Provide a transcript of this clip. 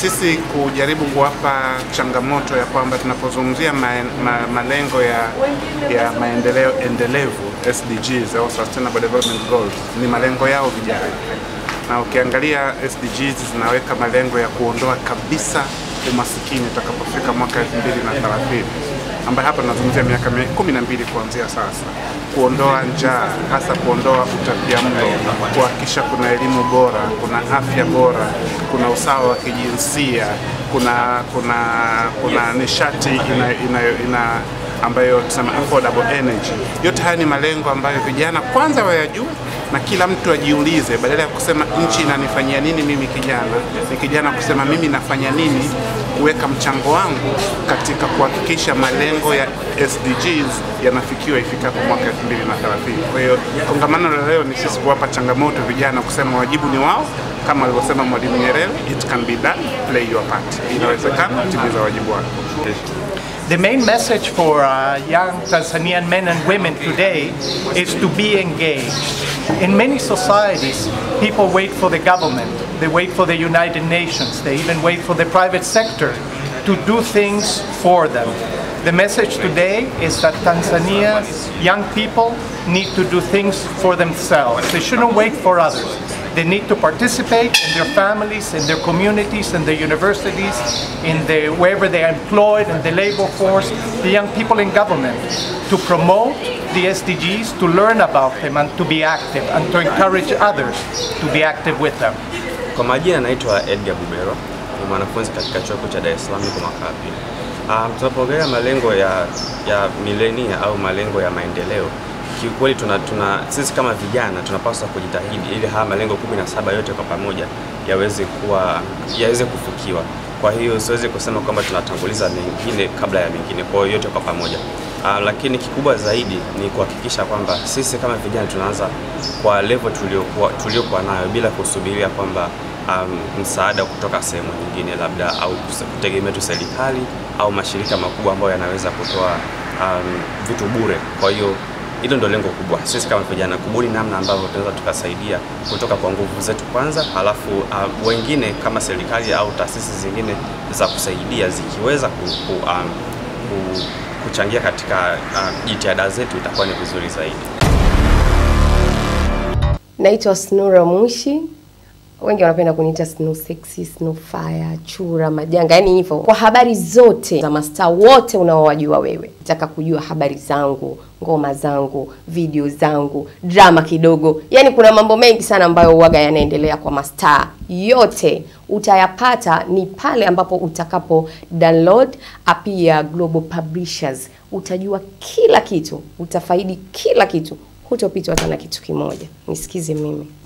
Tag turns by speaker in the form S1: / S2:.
S1: sisi kujaribu kuwapa changamoto ya kwamba tunapozungumzia ma, ma, malengo ya, ya maendeleo endelevu SDGs au Sustainable Development Goals ni malengo yao vijana, na ukiangalia SDGs zinaweka malengo ya kuondoa kabisa umasikini utakapofika mwaka thelathini ambaye hapa tunazungumzia miaka kumi na mbili kuanzia sasa, kuondoa njaa, hasa kuondoa utapia mlo kuhakikisha kuna elimu bora, kuna afya bora, kuna usawa wa kijinsia, kuna, kuna, kuna nishati ina, ina, ina ambayo tunasema affordable energy. Yote haya ni malengo ambayo vijana kwanza wayajua na kila mtu ajiulize, badala ya kusema nchi inanifanyia nini mimi kijana, ni kijana kusema mimi nafanya nini, kuweka mchango wangu katika kuhakikisha malengo ya SDGs yanafikiwa ifikapo mwaka 2030. Kwa hiyo kongamano la leo ni sisi kuwapa changamoto vijana kusema wajibu ni wao, kama alivyosema Mwalimu Nyerere, it can be done, play your part, inawezekana, timiza wajibu wako.
S2: The main message for uh, young Tanzanian men and women today is to be engaged. In many societies, people wait for the government, they wait for the United Nations, they even wait for the private sector to do things for them. The message today is that Tanzania's young people need to do things for themselves. They shouldn't wait for others. They need to participate in their families, in their communities, in their universities, in the, wherever they are employed, in the labor force, the young people in government, to promote the SDGs, to learn about them and to be active and to encourage others to be active with them.
S3: Kwa majina anaitwa Edgar Bubero, ni mwanafunzi katika chuo cha Dar es Salaam kwa mwaka wa pili. Um, ah, tunapoongelea malengo ya, ya milenia au malengo ya maendeleo kiukweli tuna, tuna sisi kama vijana tunapaswa kujitahidi ili haya malengo kumi na saba yote kwa pamoja yaweze kuwa yaweze kufikiwa. Kwa hiyo siwezi kusema kwamba tunatanguliza mengine kabla ya mengine, kwa yote kwa pamoja. Uh, lakini kikubwa zaidi ni kuhakikisha kwamba sisi kama vijana tunaanza kwa level tuliokuwa tuliokuwa nayo bila kusubiria kwamba um, msaada kutoka sehemu nyingine labda au kutegemea tu serikali au mashirika makubwa ambayo yanaweza kutoa um, vitu bure. Kwa hiyo hilo ndio lengo kubwa sisi kama vijana, kubuni namna ambavyo tunaweza tukasaidia kutoka kwa nguvu zetu kwanza, halafu uh, wengine kama serikali au taasisi zingine za kusaidia zikiweza ku, ku, um, ku, kuchangia katika uh, jitihada zetu itakuwa ni vizuri zaidi.
S4: Naitwa Snura Mushi wengi wanapenda kuniita snow sexy, snow fire, chura, majanga, yani hivyo. Kwa habari zote za mastaa wote unaowajua wewe, nataka kujua habari zangu, ngoma zangu, video zangu, drama kidogo, yani kuna mambo mengi sana ambayo uwaga yanaendelea kwa mastaa yote utayapata ni pale ambapo utakapo download app ya Global Publishers. Utajua kila kitu, utafaidi kila kitu, hutopitwa hata na kitu kimoja. Nisikize mimi.